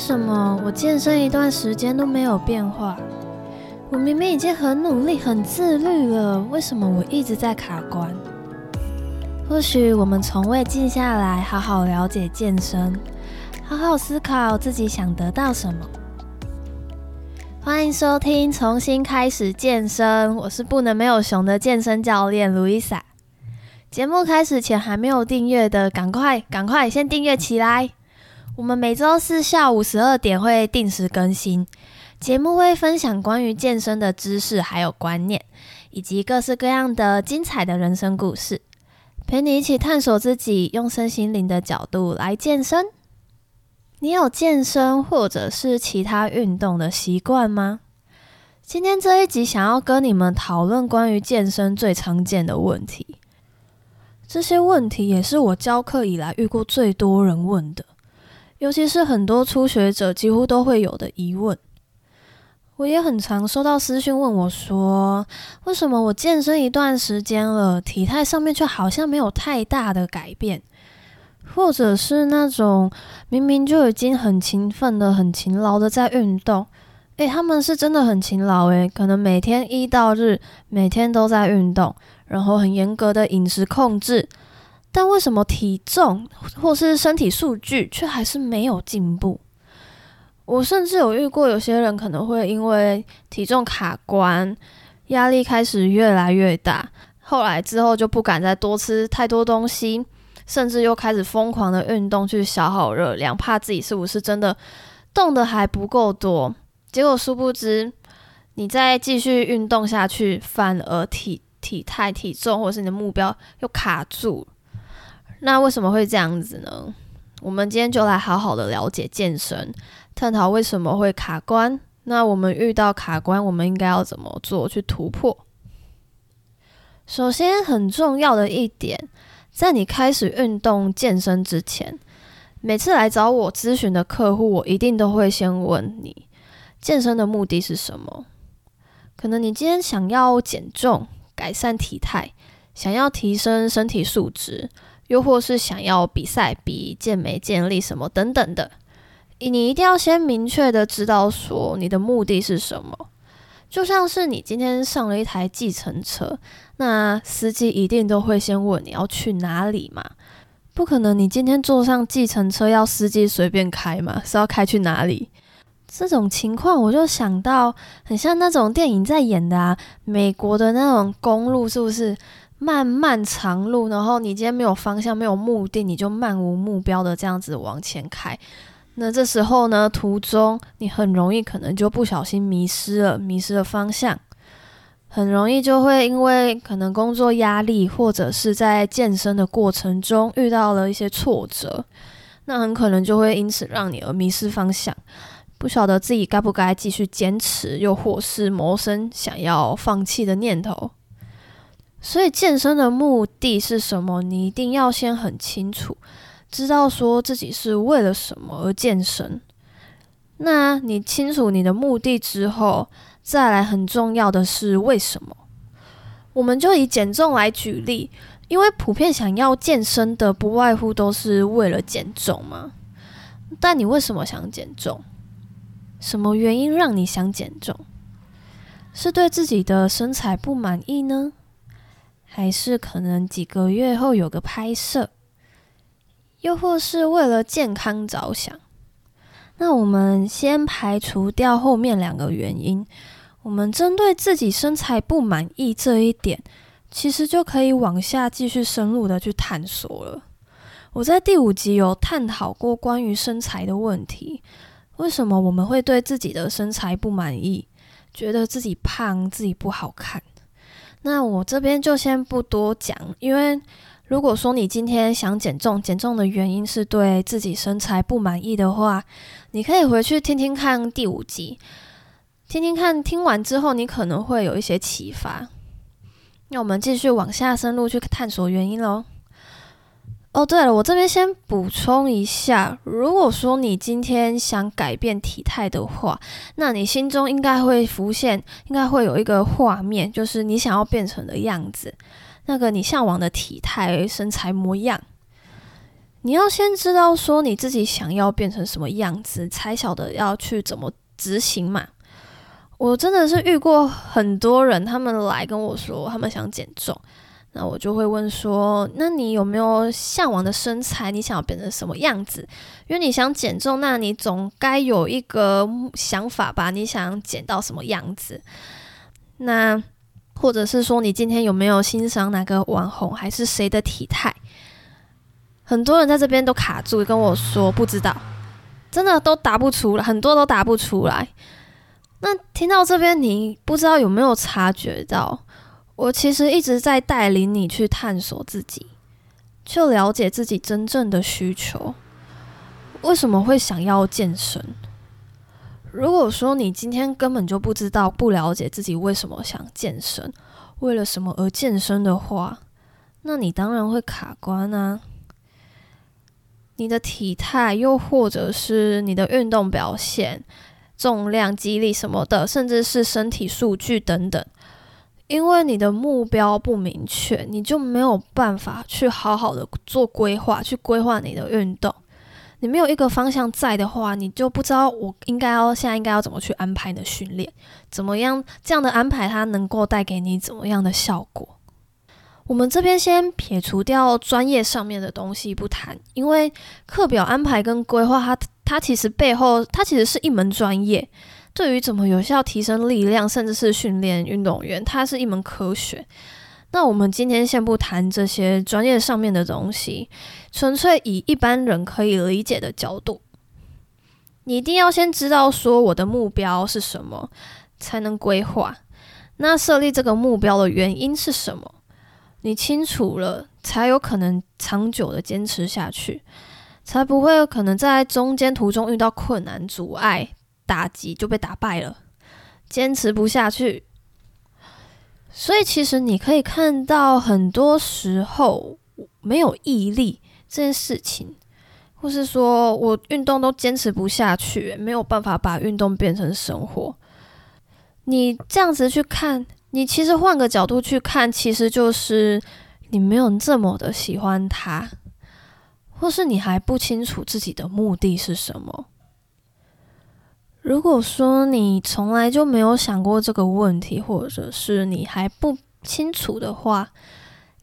為什麼我健身一段時間都沒有變化？我明明已經很努力、很自律了，為什麼我一直在卡關？或許我們從未靜下來好好了解健身，好好思考自己想得到什麼。歡迎收聽《重新開始健身》，我是不能沒有熊的健身教練 Louisa。節目開始前還沒有訂閱的，趕快趕快先訂閱起來！我們每週四下午十二點會定時更新，節目會分享關於健身的知識、還有觀念，以及各式各樣的精彩的人生故事，陪你一起探索自己，用身心靈的角度來健身。你有健身或者是其他運動的習慣嗎？今天這一集想要跟你們討論關於健身最常見的問題，這些問題也是我教課以來遇過最多人問的。尤其是很多初學者幾乎都會有的疑問，我也很常收到私訊問我說：說為什麼我健身一段時間了，體態上面卻好像沒有太大的改變？或者是那種明明就已經很勤奮的、很勤勞的在運動，誒、欸，他們是真的很勤勞，誒，可能每天一到日每天都在運動，然後很嚴格的飲食控制。但為什麼體重或是身體數據卻還是沒有進步？我甚至有遇過有些人可能會因為體重卡關，壓力開始越來越大，後來之後就不敢再多吃太多東西，甚至又開始瘋狂的運動去消耗熱量，怕自己是不是真的動得還不夠多。結果殊不知，你再繼續運動下去，反而體體態、體重或是你的目標又卡住。那為什麼會這樣子呢？我們今天就來好好的了解健身，探討為什麼會卡關。那我們遇到卡關，我們應該要怎麼做去突破？首先，很重要的一點，在你開始運動健身之前，每次來找我諮詢的客戶，我一定都會先問你：健身的目的是什麼？可能你今天想要減重、改善體態，想要提升身體素質。又或是想要比賽比健美、健力什麼等等的，你一定要先明確的知道說你的目的是什麼。就像是你今天上了一台計程車，那司機一定都會先問你要去哪裡嘛，不可能你今天坐上計程車要司機隨便開嘛。是要開去哪裡？這種情況我就想到很像那種電影在演的啊，美國的那種公路是不是？漫漫長路，然後你今天沒有方向、沒有目的，你就漫無目標的這樣子往前開。那這時候呢，途中你很容易可能就不小心迷失了，迷失了方向，很容易就會因為可能工作壓力，或者是在健身的過程中遇到了一些挫折，那很可能就會因此讓你而迷失方向，不曉得自己該不該繼續堅持，又或是萌生想要放棄的念頭。所以健身的目的是什麼？你一定要先很清楚，知道說自己是為了什麼而健身。那你清楚你的目的之後，再來很重要的是為什麼。我們就以減重來舉例，因為普遍想要健身的不外乎都是為了減重嘛。但你為什麼想減重？什麼原因讓你想減重？是對自己的身材不滿意呢？還是可能幾個月後有個拍攝，又或是為了健康着想。那我們先排除掉後面兩個原因，我們針對自己身材不滿意這一點，其實就可以往下繼續深入的去探索了。我在第五集有探討過關於身材的問題，為什麼我們會對自己的身材不滿意，覺得自己胖，自己不好看？那我這邊就先不多講，因為如果說你今天想減重，減重的原因是對自己身材不滿意的話，你可以回去聽聽看第五集，聽聽看，聽完之後你可能會有一些啟發。那我們繼續往下深入去探索原因嘍。哦，oh, 對了，我這邊先補充一下，如果說你今天想改變體態的話，那你心中應該會浮現，應該會有一個畫面，就是你想要變成的樣子，那個你嚮往的體態、身材、模樣，你要先知道說你自己想要變成什麼樣子，才曉得要去怎麼執行嘛。我真的是遇過很多人，他們來跟我說，他們想減重。那我就會問說，那你有沒有嚮往的身材？你想要變成什麼樣子？因為你想減重，那你總該有一個想法吧？你想減到什麼樣子？那或者是說，你今天有沒有欣賞哪個網紅還是誰的體態？很多人在這邊都卡住，跟我說不知道，真的都答不出來，很多都答不出來。那聽到這邊，你不知道有沒有察覺到？我其實一直在帶領你去探索自己，去了解自己真正的需求。為什麼會想要健身？如果說你今天根本就不知道、不了解自己為什麼想健身、為了什麼而健身的話，那你當然會卡關啊。你的體態，又或者是你的運動表現、重量、肌力什麼的，甚至是身體數據等等。因為你的目標不明確，你就沒有辦法去好好的做規劃，去規劃你的運動。你沒有一個方向在的話，你就不知道我應該要現在應該要怎麼去安排你的訓練，怎麼樣這樣的安排它能夠帶給你怎麼樣的效果。我們這邊先撇除掉專業上面的東西不談，因為課表安排跟規劃它，它它其實背後它其實是一門專業。對於怎麼有效提升力量，甚至是訓練運動員，它是一門科學。那我們今天先不談這些專業上面的東西，純粹以一般人可以理解的角度，你一定要先知道說我的目標是什麼，才能規劃。那設立這個目標的原因是什麼？你清楚了，才有可能長久的堅持下去，才不會有可能在中間途中遇到困難阻礙。打擊就被打敗了，堅持不下去。所以其實你可以看到，很多時候沒有毅力這件事情，或是說我運動都堅持不下去，沒有辦法把運動變成生活。你這樣子去看，你其實換個角度去看，其實就是你沒有這麼的喜歡它，或是你還不清楚自己的目的是什麼。如果說你從來就沒有想過這個問題，或者是你還不清楚的話，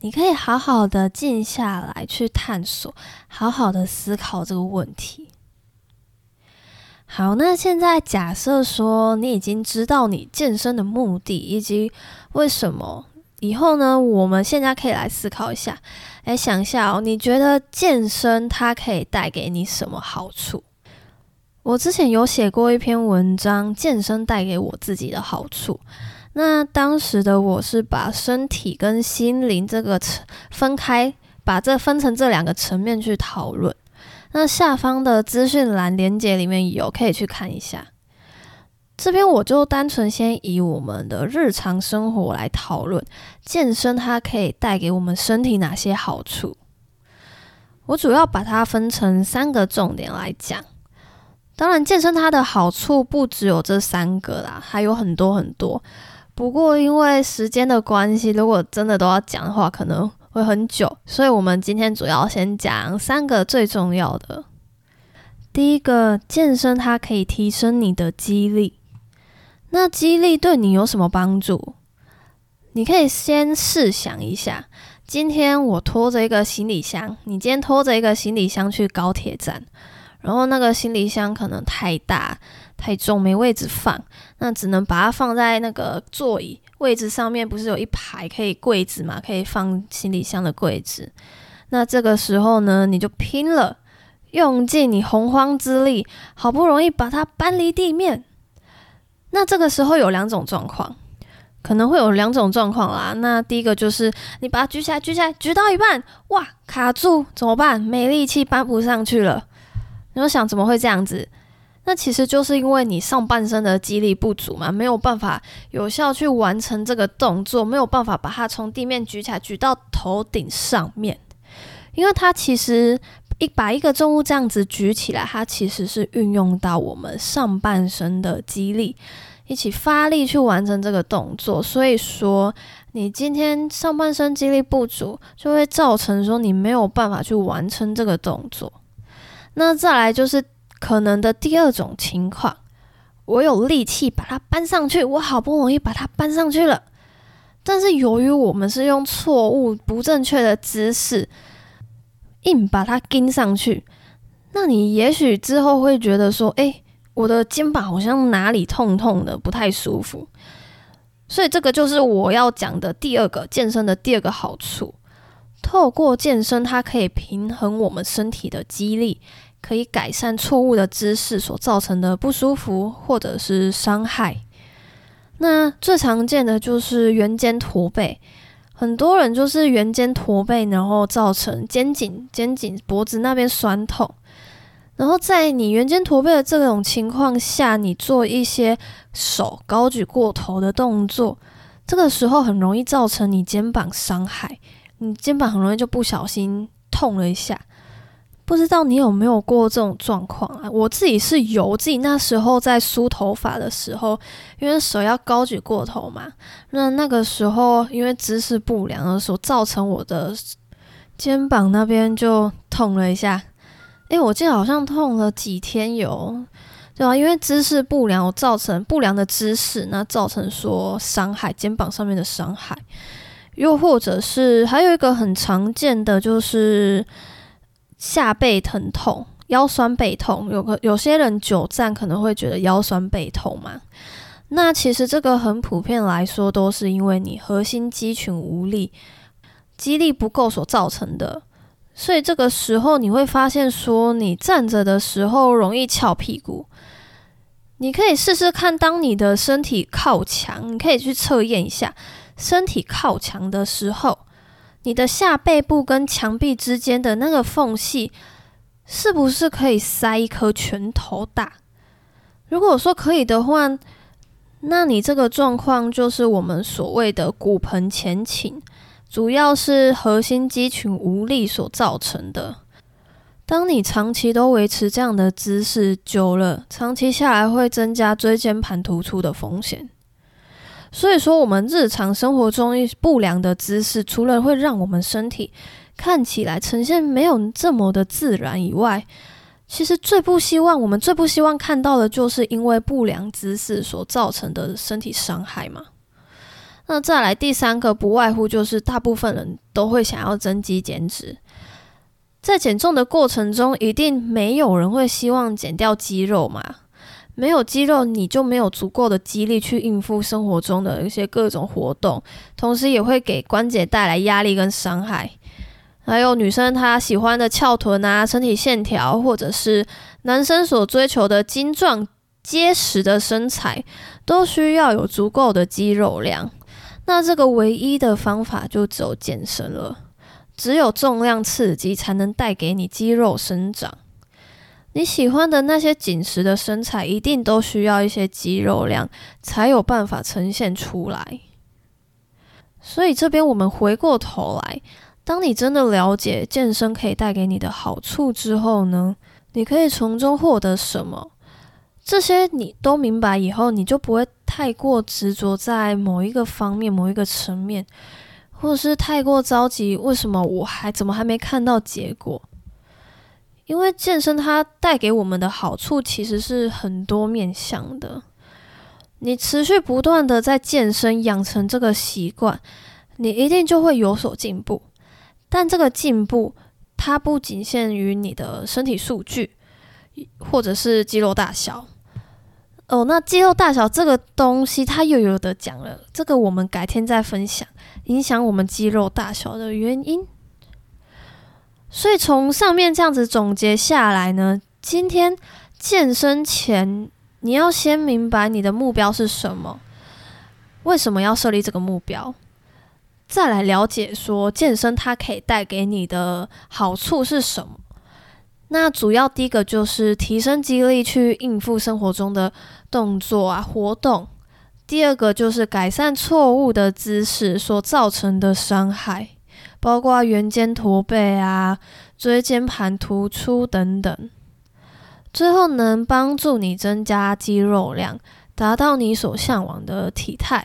你可以好好的靜下來去探索，好好的思考這個問題。好，那現在假設說你已經知道你健身的目的以及為什麼以後呢？我們現在可以來思考一下，來想一下，哦，你覺得健身它可以帶給你什麼好處？我之前有寫過一篇文章，《健身帶給我自己的好處》。那當時的我是把身體跟心靈這個分開，把這分成這兩個層面去討論。那下方的資訊欄連結裡面有，可以去看一下。這邊我就單純先以我們的日常生活來討論，健身它可以帶給我們身體哪些好處？我主要把它分成三個重點來講。當然，健身它的好處不只有這三個啦，還有很多很多。不過因為時間的關係，如果真的都要講的話，可能會很久，所以我們今天主要先講三個最重要的。第一個，健身它可以提升你的肌力。那肌力對你有什麼幫助？你可以先試想一下，今天我拖着一個行李箱，你今天拖着一個行李箱去高鐵站。然後那個行李箱可能太大太重，沒位置放，那只能把它放在那個座椅位置上面，不是有一排可以櫃子嘛，可以放行李箱的櫃子。那這個時候呢，你就拼了，用盡你洪荒之力，好不容易把它搬離地面。那這個時候有兩種狀況，可能會有兩種狀況啦。那第一個就是你把它舉起來，舉起來，舉到一半，哇，卡住，怎麼辦？沒力氣搬不上去了。你們想，怎麼會這樣子？那其實就是因為你上半身的肌力不足嘛，沒有辦法有效去完成這個動作，沒有辦法把它從地面舉起來，舉到頭頂上面。因為它其實一把一個重物這樣子舉起來，它其實是運用到我們上半身的肌力，一起發力去完成這個動作。所以說，你今天上半身肌力不足，就會造成說你沒有辦法去完成這個動作。那再來就是可能的第二種情況，我有力氣把它搬上去，我好不容易把它搬上去了。但是由於我們是用錯誤、不正確的姿勢硬把它拎上去，那你也許之後會覺得說，誒、欸，我的肩膀好像哪裡痛痛的，不太舒服。所以這個就是我要講的第二個，健身的第二個好處。透過健身，它可以平衡我們身體的肌力，可以改善錯誤的姿勢所造成的不舒服或者是傷害。那最常見的就是圓肩駝背，很多人就是圓肩駝背，然後造成肩頸、肩頸、脖子那邊痠痛。然後在你圓肩駝背的這種情況下，你做一些手高舉過頭的動作，這個時候很容易造成你肩膀傷害。你肩膀很容易就不小心痛了一下，不知道你有沒有過這種狀況啊？我自己是有，我自己那時候在梳頭髮的時候，因為手要高舉過頭嘛，那那個時候因為姿勢不良的時候，造成我的肩膀那邊就痛了一下。誒，我記得好像痛了幾天有，對吧？因為姿勢不良，我造成不良的姿勢，那造成說傷害肩膀上面的傷害。又或者是還有一個很常見的，就是下背疼痛、腰酸背痛，有個有些人久站可能會覺得腰酸背痛嘛。那其實這個很普遍來說都是因為你核心肌群無力、肌力不夠所造成的。所以這個時候你會發現說你站着的時候容易翹屁股，你可以試試看，當你的身體靠牆，你可以去測驗一下。身體靠牆的時候，你的下背部跟牆壁之間的那個縫隙，是不是可以塞一顆拳頭大？如果說可以的話，那你這個狀況就是我們所謂的骨盆前傾，主要是核心肌群無力所造成的。當你長期都維持這樣的姿勢久了，長期下來會增加椎間盤突出的風險。所以說，我們日常生活中不良的姿勢，除了會讓我們身體看起來呈現沒有這麼的自然以外，其實最不希望，我們最不希望看到的，就是因為不良姿勢所造成的身體傷害嘛。那再來第三個，不外乎就是大部分人都會想要增肌減脂，在減重的過程中，一定沒有人會希望減掉肌肉嘛。沒有肌肉，你就沒有足夠的肌力去應付生活中的一些各種活動，同時也會給關節帶來壓力跟傷害。還有女生她喜歡的翹臀啊、身體線條，或者是男生所追求的精壯結實的身材，都需要有足夠的肌肉量。那這個唯一的方法就只有健身了，只有重量刺激才能帶給你肌肉生長。你喜歡的那些緊實的身材，一定都需要一些肌肉量才有辦法呈現出來。所以這邊我們回過頭來，當你真的了解健身可以帶給你的好處之後呢，你可以從中獲得什麼？這些你都明白以後，你就不會太過執着在某一個方面、某一個層面，或者是太過着急。為什麼我還怎麼還沒看到結果？因為健身它帶給我們的好處其實是很多面向的。你持續不斷的在健身，養成這個習慣，你一定就會有所進步。但這個進步，它不僅限於你的身體數據，或者是肌肉大小。哦、oh，那肌肉大小這個東西，它又有，有，有得講了。這個我們改天再分享，影響我們肌肉大小的原因。所以從上面這樣子總結下來呢，今天健身前你要先明白你的目標是什麼，為什麼要設立這個目標，再來了解說健身它可以帶給你的好處是什麼。那主要第一個就是提升肌力去應付生活中的動作啊、活動，第二個就是改善錯誤的姿勢所造成的傷害。包括圓肩、駝背啊、椎間盤突出等等，最後能幫助你增加肌肉量，達到你所嚮往的體態。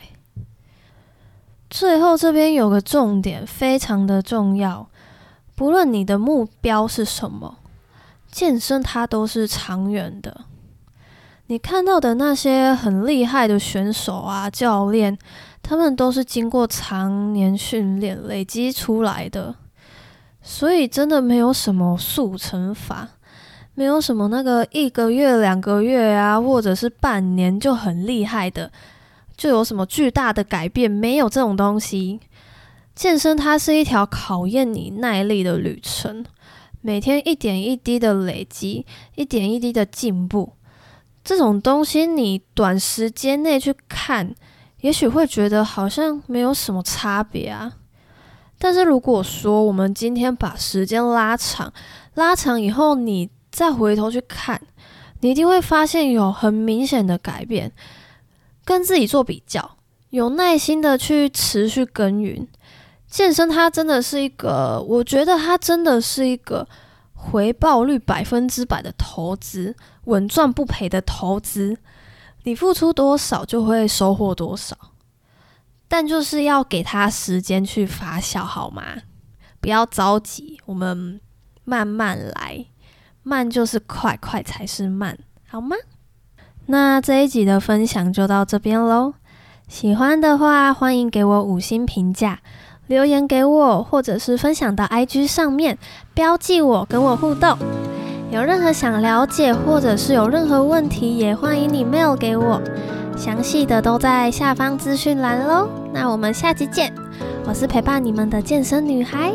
最後這邊有個重點，非常的重要，不論你的目標是什麼，健身它都是長遠的。你看到的那些很厲害的選手啊、教練。他們都是經過長年訓練累積出來的，所以真的沒有什麼速成法，沒有什麼那個一個月、兩個月啊，或者是半年就很厲害的，就有什麼巨大的改變，沒有這種東西。健身它是一條考驗你耐力的旅程，每天一點一滴的累積，一點一滴的進步，這種東西你短時間內去看，也許會覺得好像沒有什麼差別啊，但是如果說我們今天把時間拉長，拉長以後你再回頭去看，你一定會發現有很明顯的改變。跟自己做比較，有耐心的去持續耕耘，健身它真的是一個，我覺得它真的是一個回報率百分之百的投資，穩賺不賠的投資。你付出多少就會收穫多少，但就是要給他時間去發酵，好嗎？不要着急，我們慢慢來，慢就是快，快才是慢，好嗎？那這一集的分享就到這邊嘍。喜歡的話，歡迎給我五星評價，留言給我，或者是分享到 IG 上面，標記我，跟我互動。有任何想了解，或者是有任何問題，也歡迎你 mail 給我，詳細的都在下方資訊欄嘍。那我們下期見，我是陪伴你們的健身女孩。